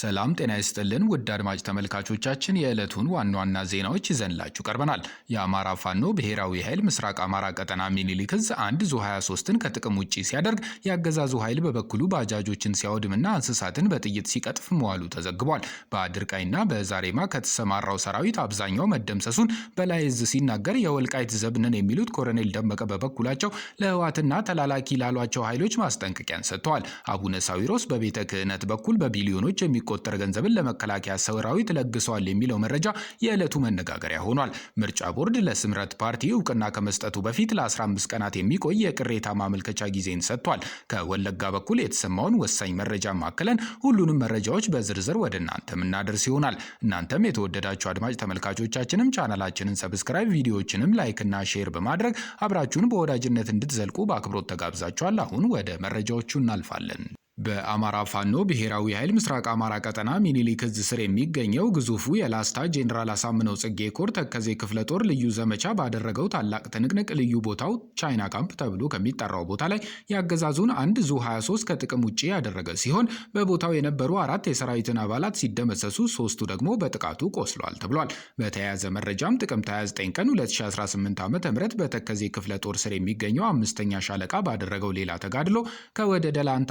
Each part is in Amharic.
ሰላም ጤና ይስጥልን ውድ አድማጭ ተመልካቾቻችን የዕለቱን ዋና ዋና ዜናዎች ይዘንላችሁ ቀርበናል። የአማራ ፋኖ ብሔራዊ ኃይል ምስራቅ አማራ ቀጠና ሚኒሊክ ዕዝ አንድ ዙ 23ን ከጥቅም ውጪ ሲያደርግ የአገዛዙ ኃይል በበኩሉ ባጃጆችን ሲያወድምና እንስሳትን በጥይት ሲቀጥፍ መዋሉ ተዘግቧል። በአድርቃይና በዛሬማ ከተሰማራው ሰራዊት አብዛኛው መደምሰሱን በላይ ዕዝ ሲናገር፣ የወልቃይት ዘብንን የሚሉት ኮሎኔል ደመቀ በበኩላቸው ለህዋትና ተላላኪ ላሏቸው ኃይሎች ማስጠንቀቂያን ሰጥተዋል። አቡነ ሳዊሮስ በቤተ ክህነት በኩል በቢሊዮኖች የሚ የሚቆጠር ገንዘብን ለመከላከያ ሰራዊት ለግሷል የሚለው መረጃ የዕለቱ መነጋገሪያ ሆኗል። ምርጫ ቦርድ ለስምረት ፓርቲ እውቅና ከመስጠቱ በፊት ለ15 ቀናት የሚቆይ የቅሬታ ማመልከቻ ጊዜን ሰጥቷል። ከወለጋ በኩል የተሰማውን ወሳኝ መረጃ ማከለን ሁሉንም መረጃዎች በዝርዝር ወደ እናንተ የምናደርስ ይሆናል። እናንተም የተወደዳችሁ አድማጭ ተመልካቾቻችንም ቻናላችንን ሰብስክራይብ፣ ቪዲዮዎችንም ላይክና ሼር በማድረግ አብራችሁን በወዳጅነት እንድትዘልቁ በአክብሮት ተጋብዛችኋል። አሁን ወደ መረጃዎቹ እናልፋለን። በአማራ ፋኖ ብሔራዊ ኃይል ምስራቅ አማራ ቀጠና ሚኒሊክ እዝ ስር የሚገኘው ግዙፉ የላስታ ጄኔራል አሳምነው ጽጌ ኮር ተከዜ ክፍለ ጦር ልዩ ዘመቻ ባደረገው ታላቅ ትንቅንቅ ልዩ ቦታው ቻይና ካምፕ ተብሎ ከሚጠራው ቦታ ላይ ያገዛዙን አንድ ዙ 23 ከጥቅም ውጭ ያደረገ ሲሆን በቦታው የነበሩ አራት የሰራዊትን አባላት ሲደመሰሱ፣ ሶስቱ ደግሞ በጥቃቱ ቆስለዋል ተብሏል። በተያያዘ መረጃም ጥቅምት 29 ቀን 2018 ዓ ም በተከዜ ክፍለ ጦር ስር የሚገኘው አምስተኛ ሻለቃ ባደረገው ሌላ ተጋድሎ ከወደ ደላንታ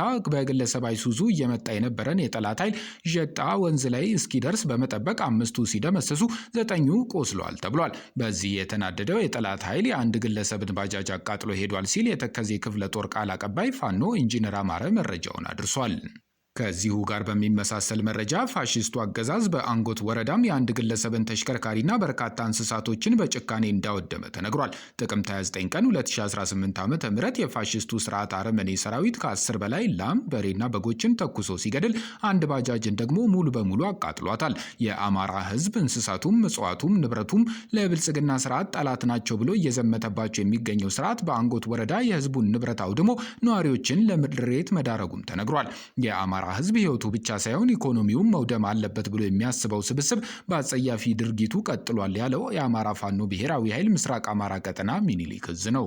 ግለሰብ አይሱዙ እየመጣ የነበረን የጠላት ኃይል ዠጣ ወንዝ ላይ እስኪደርስ በመጠበቅ አምስቱ ሲደመሰሱ ዘጠኙ ቆስለዋል ተብሏል። በዚህ የተናደደው የጠላት ኃይል የአንድ ግለሰብን ባጃጅ አቃጥሎ ሄዷል ሲል የተከዜ ክፍለ ጦር ቃል አቀባይ ፋኖ ኢንጂነር አማረ መረጃውን አድርሷል። ከዚሁ ጋር በሚመሳሰል መረጃ ፋሽስቱ አገዛዝ በአንጎት ወረዳም የአንድ ግለሰብን ተሽከርካሪና በርካታ እንስሳቶችን በጭካኔ እንዳወደመ ተነግሯል። ጥቅምት 29 ቀን 2018 ዓ ም የፋሽስቱ ስርዓት አረመኔ ሰራዊት ከ10 በላይ ላም፣ በሬና በጎችን ተኩሶ ሲገድል አንድ ባጃጅን ደግሞ ሙሉ በሙሉ አቃጥሏታል። የአማራ ህዝብ እንስሳቱም፣ እጽዋቱም፣ ንብረቱም ለብልጽግና ስርዓት ጠላት ናቸው ብሎ እየዘመተባቸው የሚገኘው ስርዓት በአንጎት ወረዳ የህዝቡን ንብረት አውድሞ ነዋሪዎችን ለምድር ሬት መዳረጉም ተነግሯል። የአማራ ህዝብ ህይወቱ ብቻ ሳይሆን ኢኮኖሚውም መውደም አለበት ብሎ የሚያስበው ስብስብ በአጸያፊ ድርጊቱ ቀጥሏል ያለው የአማራ ፋኖ ብሔራዊ ኃይል ምስራቅ አማራ ቀጠና ሚኒሊክ እዝ ነው።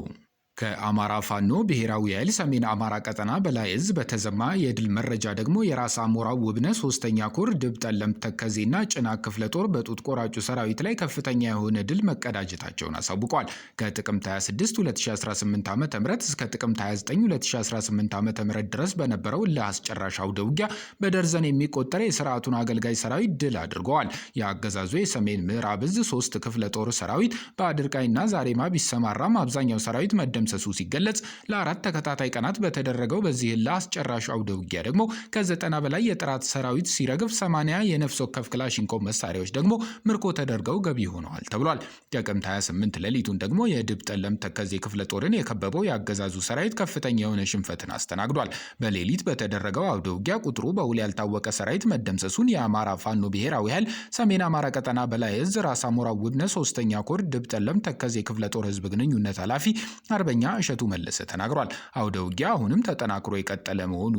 ከአማራ ፋኖ ብሔራዊ ኃይል ሰሜን አማራ ቀጠና በላይ እዝ በተዘማ የድል መረጃ ደግሞ የራስ አሞራው ውብነ ሶስተኛ ኮር ድብ ጠለምት ተከዜና ጭና ክፍለ ጦር በጡት ቆራጩ ሰራዊት ላይ ከፍተኛ የሆነ ድል መቀዳጀታቸውን አሳውቋል። ከጥቅምት 26 2018 ዓ ም እስከ ጥቅምት 29 2018 ዓ ም ድረስ በነበረው ለአስጨራሽ አውደ ውጊያ በደርዘን የሚቆጠር የስርዓቱን አገልጋይ ሰራዊት ድል አድርገዋል። የአገዛዙ የሰሜን ምዕራብ እዝ ሶስት ክፍለ ጦር ሰራዊት በአድርቃይና ዛሬማ ቢሰማራም አብዛኛው ሰራዊት መደምሰ መደምሰሱ ሲገለጽ ለአራት ተከታታይ ቀናት በተደረገው በዚህ አስጨራሹ አውደ ውጊያ ደግሞ ከዘጠና በላይ የጥራት ሰራዊት ሲረግፍ ሰማንያ የነፍስ ወከፍ ክላሽንኮቭ መሳሪያዎች ደግሞ ምርኮ ተደርገው ገቢ ሆነዋል ተብሏል። ጥቅምት 28 ሌሊቱን ደግሞ የድብ ጠለም ተከዜ ክፍለ ጦርን የከበበው የአገዛዙ ሰራዊት ከፍተኛ የሆነ ሽንፈትን አስተናግዷል። በሌሊት በተደረገው አውደ ውጊያ ቁጥሩ በውል ያልታወቀ ሰራዊት መደምሰሱን የአማራ ፋኖ ብሔራዊ ኃይል ሰሜን አማራ ቀጠና በላይ እዝ ራስ አሞራ ሶስተኛ ኮር ድብ ጠለም ተከዜ ክፍለ ጦር ህዝብ ግንኙነት ኃላፊ አርበኛ እሸቱ መለሰ ተናግሯል። አውደ ውጊያ አሁንም ተጠናክሮ የቀጠለ መሆኑ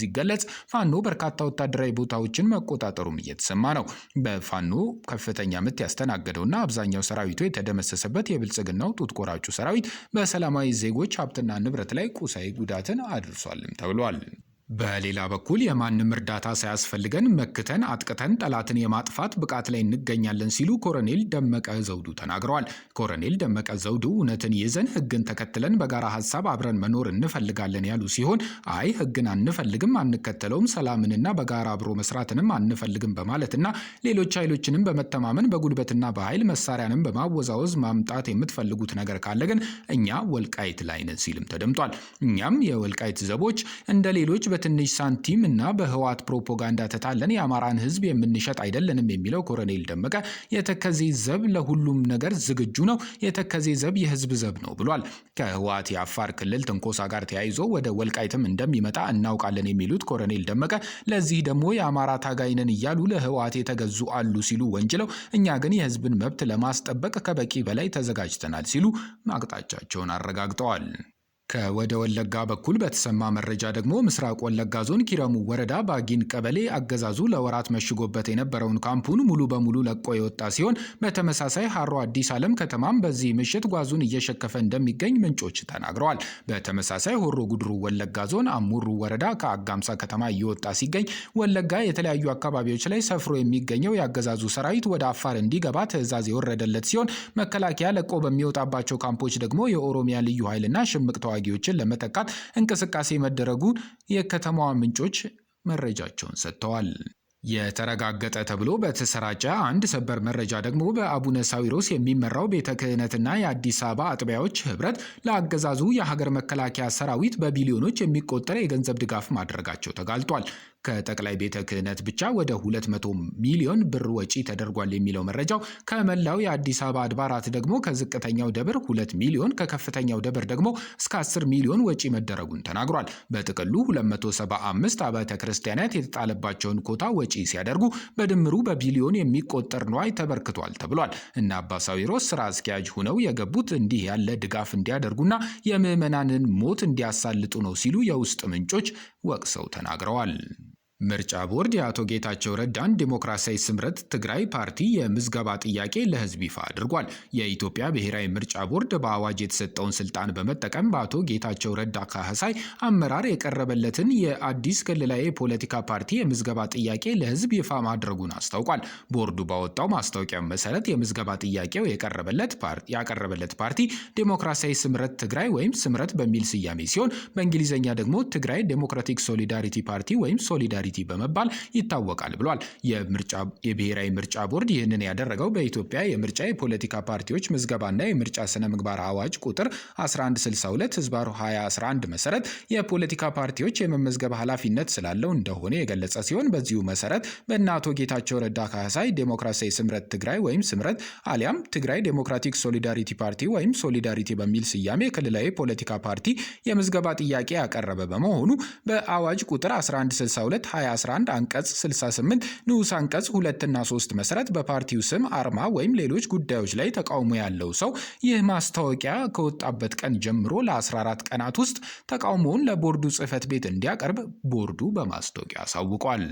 ሲገለጽ ፋኖ በርካታ ወታደራዊ ቦታዎችን መቆጣጠሩም እየተሰማ ነው። በፋኖ ከፍተኛ ምት ያስተናገደውና አብዛኛው ሰራዊቱ የተደመሰሰበት የብልጽግናው ጡት ቆራጩ ሰራዊት በሰላማዊ ዜጎች ሀብትና ንብረት ላይ ቁሳዊ ጉዳትን አድርሷልም ተብሏል። በሌላ በኩል የማንም እርዳታ ሳያስፈልገን መክተን አጥቅተን ጠላትን የማጥፋት ብቃት ላይ እንገኛለን ሲሉ ኮሎኔል ደመቀ ዘውዱ ተናግረዋል። ኮሎኔል ደመቀ ዘውዱ እውነትን ይዘን ሕግን ተከትለን በጋራ ሀሳብ አብረን መኖር እንፈልጋለን ያሉ ሲሆን አይ ሕግን አንፈልግም፣ አንከተለውም፣ ሰላምንና በጋራ አብሮ መስራትንም አንፈልግም በማለትና ሌሎች ኃይሎችንም በመተማመን በጉልበትና በኃይል መሳሪያንም በማወዛወዝ ማምጣት የምትፈልጉት ነገር ካለ ግን እኛ ወልቃይት ላይ ነን ሲልም ተደምጧል። እኛም የወልቃይት ዘቦች እንደ ሌሎች በትንሽ ሳንቲም እና በህወሓት ፕሮፓጋንዳ ተታለን የአማራን ህዝብ የምንሸጥ አይደለንም የሚለው ኮሎኔል ደመቀ የተከዜ ዘብ ለሁሉም ነገር ዝግጁ ነው፣ የተከዜ ዘብ የህዝብ ዘብ ነው ብሏል። ከህወሓት የአፋር ክልል ትንኮሳ ጋር ተያይዞ ወደ ወልቃይትም እንደሚመጣ እናውቃለን የሚሉት ኮሎኔል ደመቀ ለዚህ ደግሞ የአማራ ታጋይነን እያሉ ለህወሓት የተገዙ አሉ ሲሉ ወንጅለው፣ እኛ ግን የህዝብን መብት ለማስጠበቅ ከበቂ በላይ ተዘጋጅተናል ሲሉ ማቅጣጫቸውን አረጋግጠዋል። ከወደ ወለጋ በኩል በተሰማ መረጃ ደግሞ ምስራቅ ወለጋ ዞን ኪረሙ ወረዳ ባጊን ቀበሌ አገዛዙ ለወራት መሽጎበት የነበረውን ካምፑን ሙሉ በሙሉ ለቆ የወጣ ሲሆን በተመሳሳይ ሀሮ አዲስ ዓለም ከተማም በዚህ ምሽት ጓዙን እየሸከፈ እንደሚገኝ ምንጮች ተናግረዋል። በተመሳሳይ ሆሮ ጉድሩ ወለጋ ዞን አሙሩ ወረዳ ከአጋምሳ ከተማ እየወጣ ሲገኝ፣ ወለጋ የተለያዩ አካባቢዎች ላይ ሰፍሮ የሚገኘው የአገዛዙ ሰራዊት ወደ አፋር እንዲገባ ትዕዛዝ የወረደለት ሲሆን መከላከያ ለቆ በሚወጣባቸው ካምፖች ደግሞ የኦሮሚያ ልዩ ኃይልና ሽምቅ ተዋጊ ታጣቂዎችን ለመጠቃት እንቅስቃሴ መደረጉ የከተማዋ ምንጮች መረጃቸውን ሰጥተዋል። የተረጋገጠ ተብሎ በተሰራጨ አንድ ሰበር መረጃ ደግሞ በአቡነ ሳዊሮስ የሚመራው ቤተ ክህነትና የአዲስ አበባ አጥቢያዎች ህብረት ለአገዛዙ የሀገር መከላከያ ሰራዊት በቢሊዮኖች የሚቆጠር የገንዘብ ድጋፍ ማድረጋቸው ተጋልጧል። ከጠቅላይ ቤተ ክህነት ብቻ ወደ 200 ሚሊዮን ብር ወጪ ተደርጓል የሚለው መረጃው ከመላው የአዲስ አበባ አድባራት ደግሞ ከዝቅተኛው ደብር 2 ሚሊዮን ከከፍተኛው ደብር ደግሞ እስከ 10 ሚሊዮን ወጪ መደረጉን ተናግሯል። በጥቅሉ 275 አብያተ ክርስቲያናት የተጣለባቸውን ኮታ ወጪ ሲያደርጉ በድምሩ በቢሊዮን የሚቆጠር ንዋይ ተበርክቷል ተብሏል። እነ አባ ሳዊሮስ ስራ አስኪያጅ ሁነው የገቡት እንዲህ ያለ ድጋፍ እንዲያደርጉና የምዕመናንን ሞት እንዲያሳልጡ ነው ሲሉ የውስጥ ምንጮች ወቅሰው ተናግረዋል። ምርጫ ቦርድ የአቶ ጌታቸው ረዳን ዴሞክራሲያዊ ስምረት ትግራይ ፓርቲ የምዝገባ ጥያቄ ለሕዝብ ይፋ አድርጓል። የኢትዮጵያ ብሔራዊ ምርጫ ቦርድ በአዋጅ የተሰጠውን ስልጣን በመጠቀም በአቶ ጌታቸው ረዳ ካህሳይ አመራር የቀረበለትን የአዲስ ክልላዊ የፖለቲካ ፓርቲ የምዝገባ ጥያቄ ለሕዝብ ይፋ ማድረጉን አስታውቋል። ቦርዱ ባወጣው ማስታወቂያ መሰረት የምዝገባ ጥያቄው ያቀረበለት ፓርቲ ዴሞክራሲያዊ ስምረት ትግራይ ወይም ስምረት በሚል ስያሜ ሲሆን በእንግሊዝኛ ደግሞ ትግራይ ዴሞክራቲክ ሶሊዳሪቲ ፓርቲ ወይም ሶሊዳሪ ኮሚቴ በመባል ይታወቃል ብሏል። የብሔራዊ ምርጫ ቦርድ ይህንን ያደረገው በኢትዮጵያ የምርጫ የፖለቲካ ፓርቲዎች ምዝገባና የምርጫ ስነ ምግባር አዋጅ ቁጥር 1162 ህዝባሩ 2011 መሰረት የፖለቲካ ፓርቲዎች የመመዝገብ ኃላፊነት ስላለው እንደሆነ የገለጸ ሲሆን በዚሁ መሰረት በእነ አቶ ጌታቸው ረዳ ካሳይ ዴሞክራሲያዊ ስምረት ትግራይ ወይም ስምረት አሊያም ትግራይ ዴሞክራቲክ ሶሊዳሪቲ ፓርቲ ወይም ሶሊዳሪቲ በሚል ስያሜ ክልላዊ ፖለቲካ ፓርቲ የምዝገባ ጥያቄ ያቀረበ በመሆኑ በአዋጅ ቁጥር 1162 211 አንቀጽ 68 ንዑስ አንቀጽ 2ና 3 መሰረት በፓርቲው ስም አርማ ወይም ሌሎች ጉዳዮች ላይ ተቃውሞ ያለው ሰው ይህ ማስታወቂያ ከወጣበት ቀን ጀምሮ ለ14 ቀናት ውስጥ ተቃውሞውን ለቦርዱ ጽሕፈት ቤት እንዲያቀርብ ቦርዱ በማስታወቂያ አሳውቋል።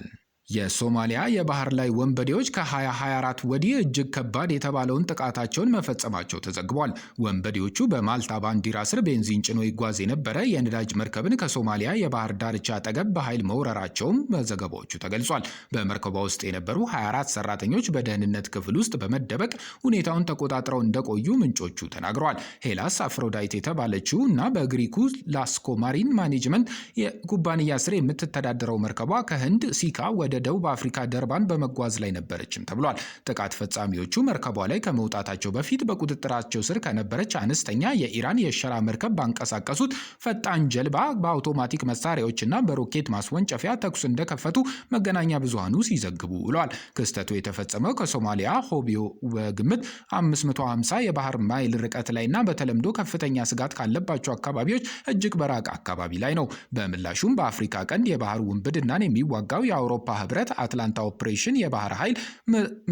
የሶማሊያ የባህር ላይ ወንበዴዎች ከ2024 ወዲህ እጅግ ከባድ የተባለውን ጥቃታቸውን መፈጸማቸው ተዘግቧል። ወንበዴዎቹ በማልታ ባንዲራ ስር ቤንዚን ጭኖ ይጓዝ የነበረ የነዳጅ መርከብን ከሶማሊያ የባህር ዳርቻ አጠገብ በኃይል መውረራቸውም በዘገባዎቹ ተገልጿል። በመርከቧ ውስጥ የነበሩ 24 ሰራተኞች በደህንነት ክፍል ውስጥ በመደበቅ ሁኔታውን ተቆጣጥረው እንደቆዩ ምንጮቹ ተናግረዋል። ሄላስ አፍሮዳይት የተባለችው እና በግሪኩ ላስኮ ማሪን ማኔጅመንት የኩባንያ ስር የምትተዳደረው መርከቧ ከህንድ ሲካ ወደ ደቡብ አፍሪካ ደርባን በመጓዝ ላይ ነበረችም ተብሏል። ጥቃት ፈጻሚዎቹ መርከቧ ላይ ከመውጣታቸው በፊት በቁጥጥራቸው ስር ከነበረች አነስተኛ የኢራን የሸራ መርከብ ባንቀሳቀሱት ፈጣን ጀልባ በአውቶማቲክ መሳሪያዎችና በሮኬት ማስወንጨፊያ ተኩስ እንደከፈቱ መገናኛ ብዙሃኑ ሲዘግቡ ብለዋል። ክስተቱ የተፈጸመው ከሶማሊያ ሆቢዮ በግምት 550 የባህር ማይል ርቀት ላይና በተለምዶ ከፍተኛ ስጋት ካለባቸው አካባቢዎች እጅግ በራቅ አካባቢ ላይ ነው። በምላሹም በአፍሪካ ቀንድ የባህር ውንብድናን የሚዋጋው የአውሮፓ ህብረት አትላንታ ኦፕሬሽን የባህር ኃይል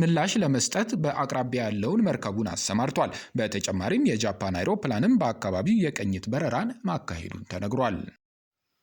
ምላሽ ለመስጠት በአቅራቢያ ያለውን መርከቡን አሰማርቷል። በተጨማሪም የጃፓን አይሮፕላንም በአካባቢው የቅኝት በረራን ማካሄዱን ተነግሯል።